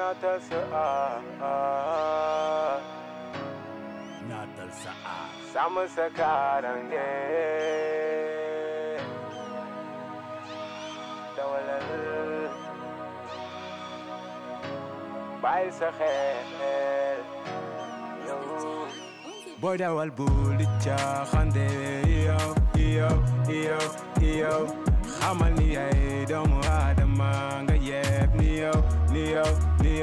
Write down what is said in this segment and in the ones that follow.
Natal Sa'a Natal Sa'a Sama sekarang ye Dawalal Bail sa khair Boy dawal bul xande yo yo yo yo xamal ni ay doomu adamang.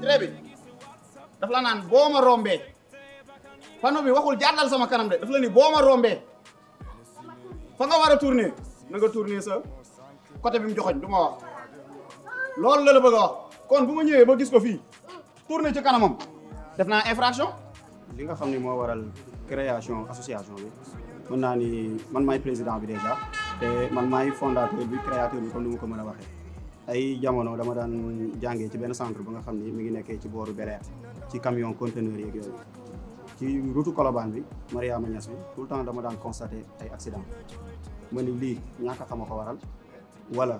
très bien daf la naan boo ma rombee panneau bi waxul jàllal sama kanam de daf la ni boo ma rombee fa nga war a tourner na nga tourner sa côté bi mu joxoñ du ma wax loolu la la bëgg wax kon bu ma ñëwee ba gis ko fii tourner ci kanamam def naa infraction li nga xam ne moo waral création association bi mën naa ni man maay président bi déjà te man maay fondateur bi créateur bi comme ni ma ko mën a waxee ay jamono dama dan jangé ci ben centre bu nga xamni mi ngi nekké ci booru béré ci camion conteneur yeeg yoy ci route Colobane bi Mariama Niass tout temps dama dan constater ay accident li ñaka xamako waral wala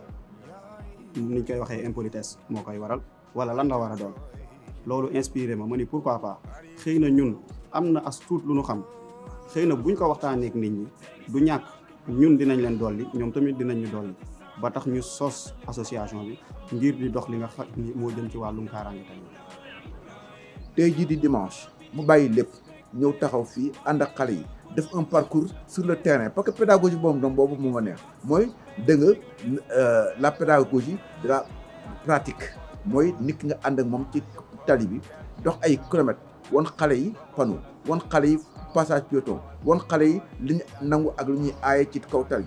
ni koy waxé impolitesse mo koy waral wala lan la wara a doon loolu inspiré ma ma pourquoi pas xeyna ñun amna as tout lu ñu xam xeyna buñ ko ak nit ñi du ñak ñun dinañ len doli ñom tamit dinañ ñu doli ba tax ñu sos association bi ngir di dox li nga xam ni moo jëm ci walu kaaraange tan tey jii di dimanche mu bàyyi lepp ñëw taxaw fi ànd ak xale yi def un parcours sur le terrain parce que pédagogie boobu dom bobu moo ma neex moy de nga euh, la pédagogie de la pratique moy nit nga and ak mom ci tali bi dox ay kilomètres won xalé yi panu won xalé yi passage piéton won xalé yi li nangu ak lu ñuy aaye ci kaw tali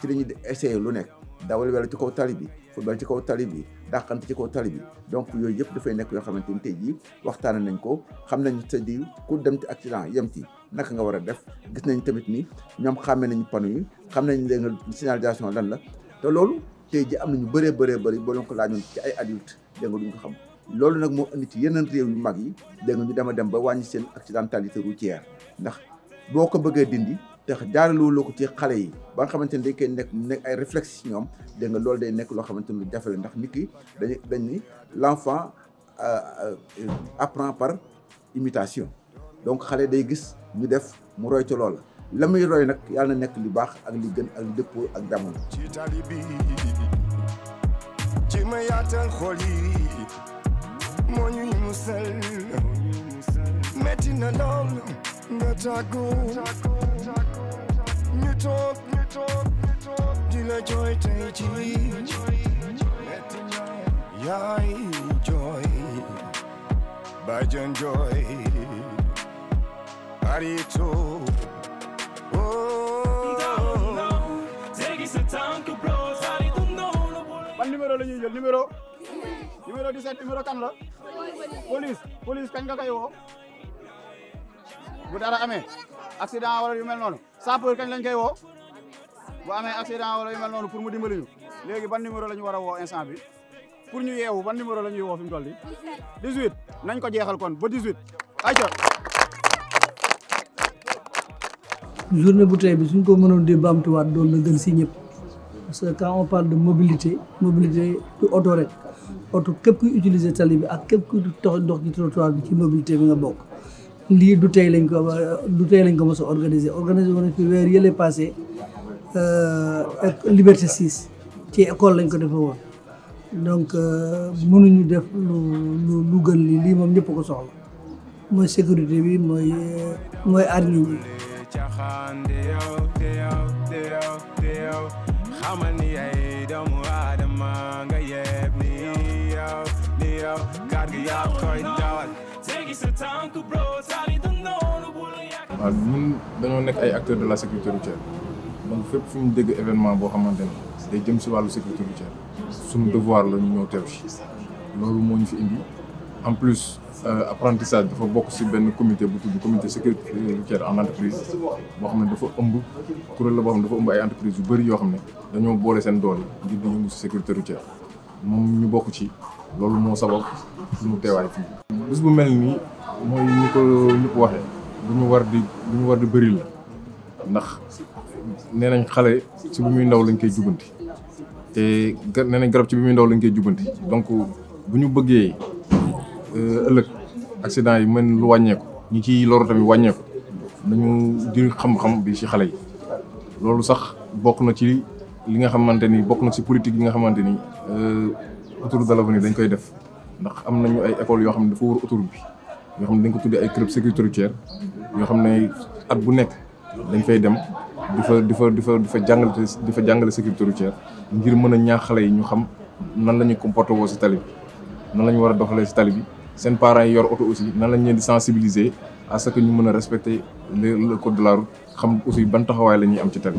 ci la ñuy essayé lu nekk dawal ci kaw tali bi football ci kaw tali bi dàqante ci kaw tali bi donc yooyu yëpp dafay nekk yoo xamante ni tey jii waxtaan nañ ko xam nañ cest di dire ku dem ci accident yem ci naka nga war a def gis nañ tamit ni ñoom xàmmee nañu panneau yi xam nañ leen signalisation lan la te loolu tey ji am nañu bëree bëree bëri boo leen ko laajoon ci ay adulte dégg nga duñ ko xam loolu nag moo indi ci yeneen réew yu mag yi dégg nga ñu dema dem ba wàññi seen accidentalité routière ndax boo ko bëggee dindi te jaaraloo ko ci xale yi ba nga xamante ni dañ koy nekk nekk ay réflexe ci ñoom dégg nga loolu day nekk loo xamante ni lu jafe la ndax nit ki dañ ni l'enfant euh, euh, apprend par imitation donc xale day gis ñu def mu roy ci loola la muy roy nag yàlla na nekk li baax ak li gën ak li dëppoo ak jamono ci tali bi ci ma yaatal xol yi moo ñuy musal metti na lool nga tàggoo top, le top, le top Dila joy tai chi Yai joy Bajan joy Arito Ban oh. numéro la ñuy police police kañ nga koy What are you amee accident wala yu mel noonu sapeur kañ lañ koy woo bu amee accident wala yu mel noonu pour mu dimbali ñu léegi ban numéro la ñu war a woo instant bi pour ñu yeewu ban numéro la ñuy woo fi mu toll nii nañ ko jeexal kon ba 18 ayca. journée bu tey bi suñ ko mënoon di baamtuwaat doon la gën si ñëpp parce que quand on parle de mobilité mobilité du oto rek oto képp kuy utiliser tali bi ak képp kuy dox dox ci trottoir bi ci mobilité bi nga bokk. lii du tey lañ ko du tey lañ ko mos a organiser organiser woon fi weer yële passé uh, liberté 6 ci école lañ ko defee woon donc uh, mënuñu def lu lu gën lii lii moom ñëpp ko soxla mooy sécurité bi mooy uh, mooy aar ñi xamal ay doomu aadama nga yeeb ni yow ni yow gaar gi yaa koy dawal tegi sa tànk waaw ñun dañoo nekk ay acteurs de la sécurité routière donc fépp fu ñu dégg événement boo xamante ne day jëm si wàllu sécurité routière suñu devoir la ñu ñëw teew si loolu moo ñu fi indi en plus euh, apprentissage dafa bokk ci benn comité bu tudd comité sécurité routière en entreprise xam ne dafa ëmb kuréel la boo xam ne dafa entreprise yu bëri yoo xam ne dañoo boole seen doole ngir di yëngu ci sécurité routière moom ñu bokk ci loolu moo sabab suñu teewaay fi mu bu mel nii mooy ñu ko ñëpp waxee. lu ñu war di lu ñu war di bëri la ndax nee nañ xale ci bu muy ndaw lañ koy jubanti te nee nañ garab ci bi muy ndaw lañ koy jubanti donc bu ñu bëggee euh, ëllëg accident yi mën lu wàññeeku ñi ciy loru tamit wàññeeku nañu di xam-xam bi ci xale yi loolu sax bokk na ci li nga xamante ni bokk na ci politique yi nga xamante ni euh, autoroute de l'avenir dañ koy def ndax am nañu ay école yoo xam ne dafa wër autoroute bi yoo xam ne dañ ko tuddee ay club sécurité routière yoo xam ne at bu nekk dañ fay dem di fa di fa di fa di fa jàngale di fa jàngale sécurité routière ngir mën a ñaax xale yi ñu xam nan la ñuy comporté woo si tali bi nan lañu war a doxalee si tali bi seen parents yi yor oto aussi nan lañ leen di sensibiliser à que ñu mën a respecter la code de la route xam aussi ban taxawaay la ñuy am ci tali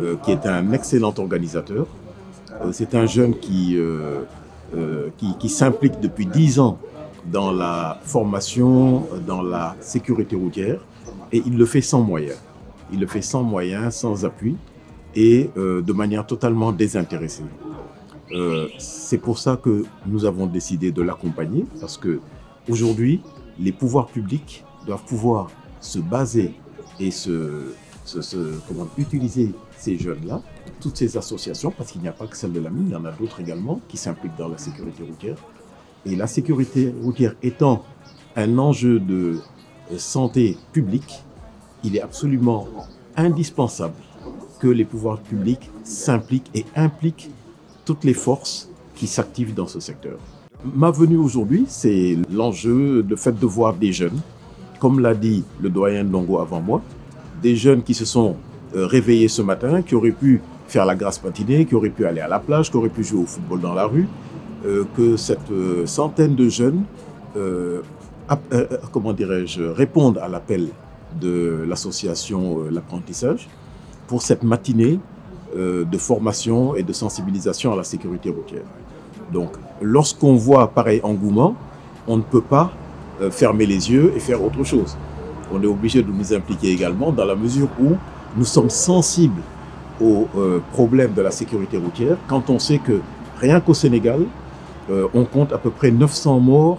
Euh, qui est un excellent organisateur. Euh, c'est un jeune qui, euh, qui, s'implique depuis 10 ans dans la formation, dans la sécurité routière, et il le fait sans moyens. Il le fait sans moyens, sans appui, et de manière totalement désintéressée. c'est pour ça que nous avons décidé de l'accompagner, parce que aujourd'hui, les pouvoirs publics doivent pouvoir se baser et se comment, utiliser ces jeunes-là, toutes ces associations, parce qu'il n'y a pas que celle de la mine, il y en a d'autres également qui s'impliquent dans la sécurité routière. Et la sécurité routière étant un enjeu de santé publique, il est absolument indispensable que les pouvoirs publics s'impliquent et impliquent toutes les forces qui s'activent dans ce secteur. Ma venue aujourd'hui, c'est l'enjeu, de fait de voir des jeunes, comme l'a dit le doyen Longo avant moi, des jeunes qui se sont euh, réveillés ce matin, qui auraient pu faire la grasse matinée, qui auraient pu aller à la plage, qui auraient pu jouer au football dans la rue, euh, que cette euh, centaine de jeunes, comment dirais-je, répondent à l'appel de l'association L'apprentissage pour cette matinée de formation et de sensibilisation à la sécurité routière. Donc, lorsqu'on voit pareil engouement, on ne peut pas fermer les yeux et faire autre chose on est obligé de nous impliquer également dans la mesure où nous sommes sensibles aux euh, problèmes de la sécurité routière quand on sait que rien qu'au Sénégal, euh, on compte à peu près 900 morts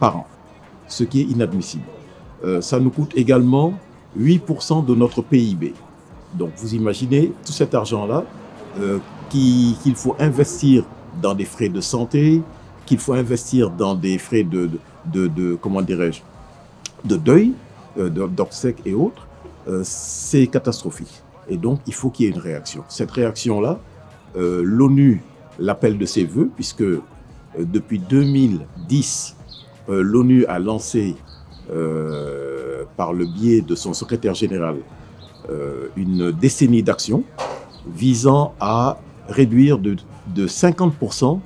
par an, ce qui est inadmissible. Euh, ça nous coûte également 8% de notre PIB. Donc vous imaginez tout cet argent-là qu'il faut investir dans des frais de santé, qu'il faut investir dans des frais de comment dirais-je, de deuil, euh, d'obsèques et autres, euh, c'est catastrophique. Et donc, il faut qu'il y ait une réaction. Cette réaction-là, euh, l'ONU l'appelle de ses voeux, puisque depuis 2010, l'ONU a lancé, par le biais de son secrétaire général, une décennie d'actions visant à réduire de, de 50%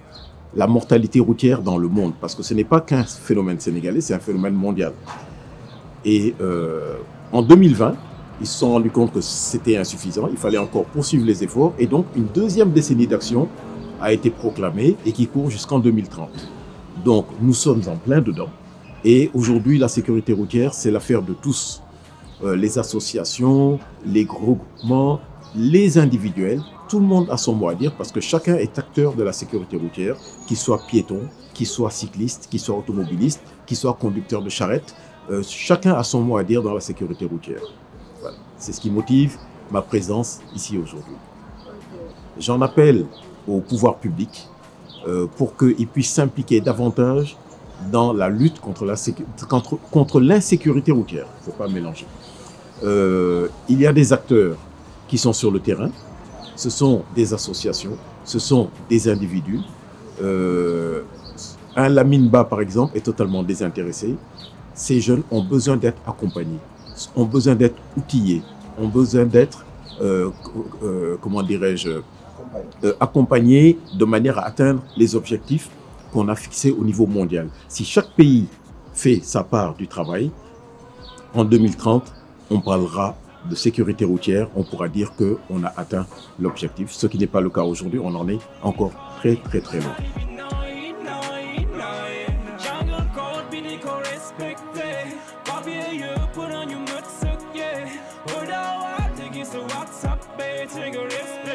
la mortalité routière dans le monde, parce que ce n'est pas qu'un phénomène sénégalais, c'est un phénomène mondial. Et euh, en 2020, ils se sont rendus compte que c'était insuffisant, il fallait encore poursuivre les efforts, et donc une deuxième décennie d'action a été proclamée et qui court jusqu'en 2030. Donc nous sommes en plein dedans, et aujourd'hui la sécurité routière, c'est l'affaire de tous, euh, les associations, les groupements, les individuels, tout le monde a son mot à dire parce que chacun est acteur de la sécurité routière, qu'il soit piéton, qu'il soit cycliste, qu'il soit automobiliste, qu'il soit conducteur de charrette, euh, chacun a son mot à dire dans la sécurité routière. C'est ce qui motive ma présence ici aujourd'hui. J'en appelle au pouvoir public euh, pour qu'il puisse s'impliquer davantage dans la lutte contre l'insécurité contre, routière. Il ne faut pas mélanger. Euh, il y a des acteurs qui sont sur le terrain. Ce sont des associations, ce sont des individus. un Lamineba, par exemple, est totalement désintéressé ces jeunes ont besoin d'être accompagnés, ont besoin d'être outillés, ont besoin d'être, euh, euh, comment dirais-je, euh, accompagnés de manière à atteindre les objectifs qu'on a fixés au niveau mondial. Si chaque pays fait sa part du travail, en 2030, on parlera de sécurité routière, on pourra dire qu'on a atteint l'objectif, ce qui n'est pas le cas aujourd'hui, on en est encore très très très loin.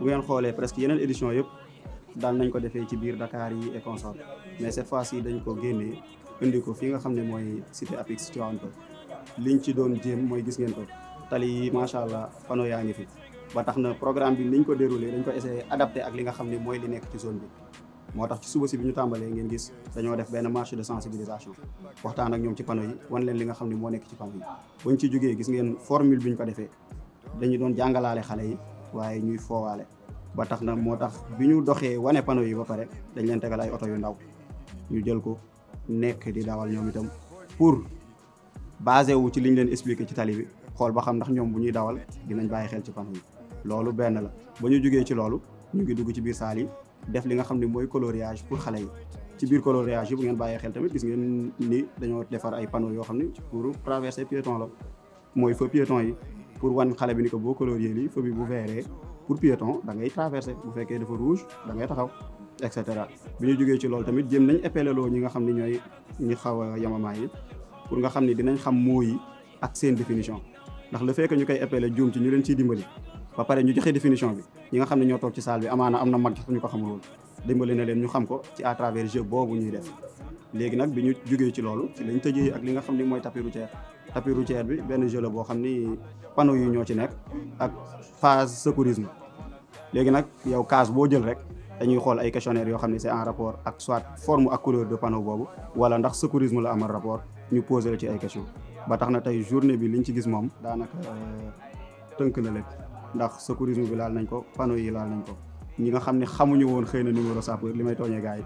bu ngeen xoolee presque yeneen édition yëpp daan nañ ko defee ci biir dakaar yi et consort mais cette fois ci dañ ko génnee indi ko fii nga xam ne mooy cité Apix Tivaouane Peulh liñ ci doon jéem mooy gis ngeen ko tali yi macha allah fano yaa ngi fi ba tax na programme bi niñ ko déroulé dañ ko essayé adapté ak li nga xam ne mooy li nekk ci zone bi moo tax ci suba si bi ñu tàmbalee ngeen gis dañoo def benn marché de sensibilisation waxtaan ak ñoom ci panneau yi wan leen li nga xam ne moo nekk ci panneau yi buñ ci jógee gis ngeen formule bi ñu ko defee dañu doon jàngalaale xale yi waaye ñuy foowaale ba tax na moo tax bi ñu doxee wane panneau yi ba pare dañ leen tegal ay oto yu ndaw ñu jël ko nekk di dawal ñoom itam pour basé wu ci liñ leen expliqué ci tali bi xool ba xam ndax ñoom bu ñuy dawal dinañ bàyyi xel ci panneau yi loolu benn la ba ñu jógee ci loolu ñu ngi dugg ci biir saal yi def li nga xam ne mooy coloriage pour xale yi ci biir coloriage yi bu ngeen bàyyee xel tamit gis ngeen ni dañoo defar ay panneaux yoo xam ne pour traverser piéton la mooy fa piéton yi pour wan xalé bi ni ko boo colorier lii feu bi bu verree pour piéton da ngay traversé bu fekkee dafa rouge da ngay taxaw etc cetera bi ñu jógee ci lool tamit jéem nañ épeleloo ñi nga xamni ñoy ñi xawa yamama yi pour nga xamni dinañ xam mots yi ak seen définition ndax le fait que ñu koy épelé juum ci ñu leen ciy dimbali ba paré ñu joxé définition bi ñi nga xamni ño tok ci salle bi amana amna mag ñu ko xamul dimbali na leen ñu xam ko ci à travers jeu bobu ñuy def légui nak bi ñu jógee ci loolu ci lañ tëjee ak li nga xamni moy tapiru ci tapis routier bi benn jeu la boo xam ni panneau yi ñoo ci nekk ak phase secourisme léegi nag yow case boo jël rek dañuy xool ay questionnaire yoo xam ne c'est en rapport ak soit forme ak couleur de panneau boobu wala ndax secourisme la amal rapport ñu posé la ci ay questions ba tax na tey journée bi liñ ci gis moom daanaka euh, tënk na lépp ndax secourisme bi laal nañ ko panneau yi laal nañ ko ñi nga xam ne xamuñu woon xëy na numéro sapeur li may tooñee gars yi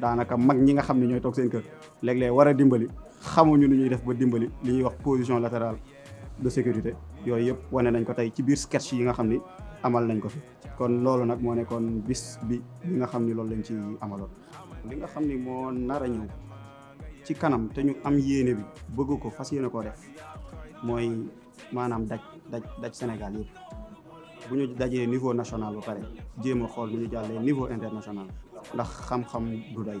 daanaka mag ñi nga xam ne ñooy toog seen kër léeg war a dimbali xamuñu lu ñuy def ba dimbali li ñuy wax position latérale de sécurité yooyu yëpp wane nañ ko tey ci biir sketch yi nga xam ni amal nañ ko fi kon loolu nag moo nekkoon bis bi li nga xam ni loolu lañ ci amaloon li nga xam ni moo nar ñëw ci kanam te ñu am yéene bi bëgg ko fas yéene ko def mooy maanaam daj daj daj Sénégal yëpp bu ñu dajee niveau national ba pare jéem a xool bu ñu jàllee niveau international ndax xam-xam du doy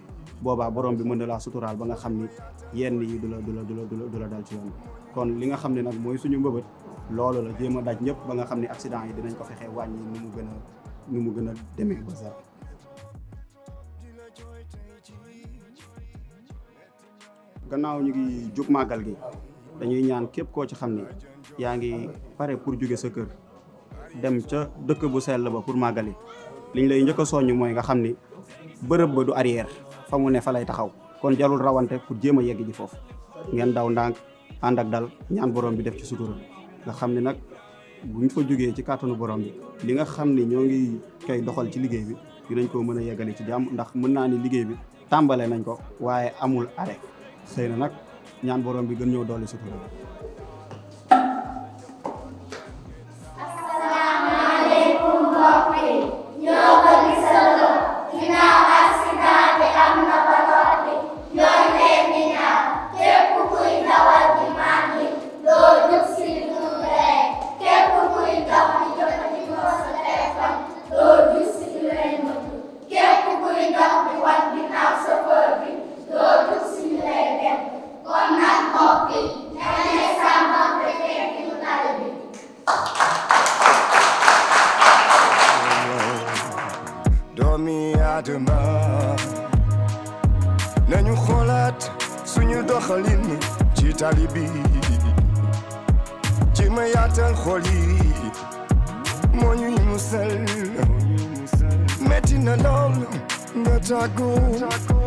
boba borom bi mën la sutural ba nga xamni yenn yi dula dula dula dula dula dal ci yoon kon li nga xamni nak moy suñu mbeubet loolu la jema daj ñep ba nga xamni accident yi dinañ ko fexé wàññi ni mu gëna ni mu gëna démé ba gannaaw ñu ngi juk magal gi dañuy ñaan kep ko ci xamni yaangi paré pare pour juggé sa kër dem ca dëkk bu sel ba pour magali liñ lay ñëk soñu moy nga xamni bërepp ba du arrière fa mu ne fa lay taxaw kon jarul rawante pour jéem a yegg ji foofu ngeen daw ndànk ànd ak dal ñaan borom bi def ci sutura nga xam ne nag bu ñu fa jógee ci kàttanu borom bi li nga xam ne ñoo ngi koy doxal ci liggéey bi dinañ koo mën a yeggale ci jàmm ndax mën naa ni liggéey bi tàmbale nañ ko waaye amul arrêt xëy na nag ñaan borom bi gën ñëw doole sutura melancholy. Money in myself, met in a doll that I go.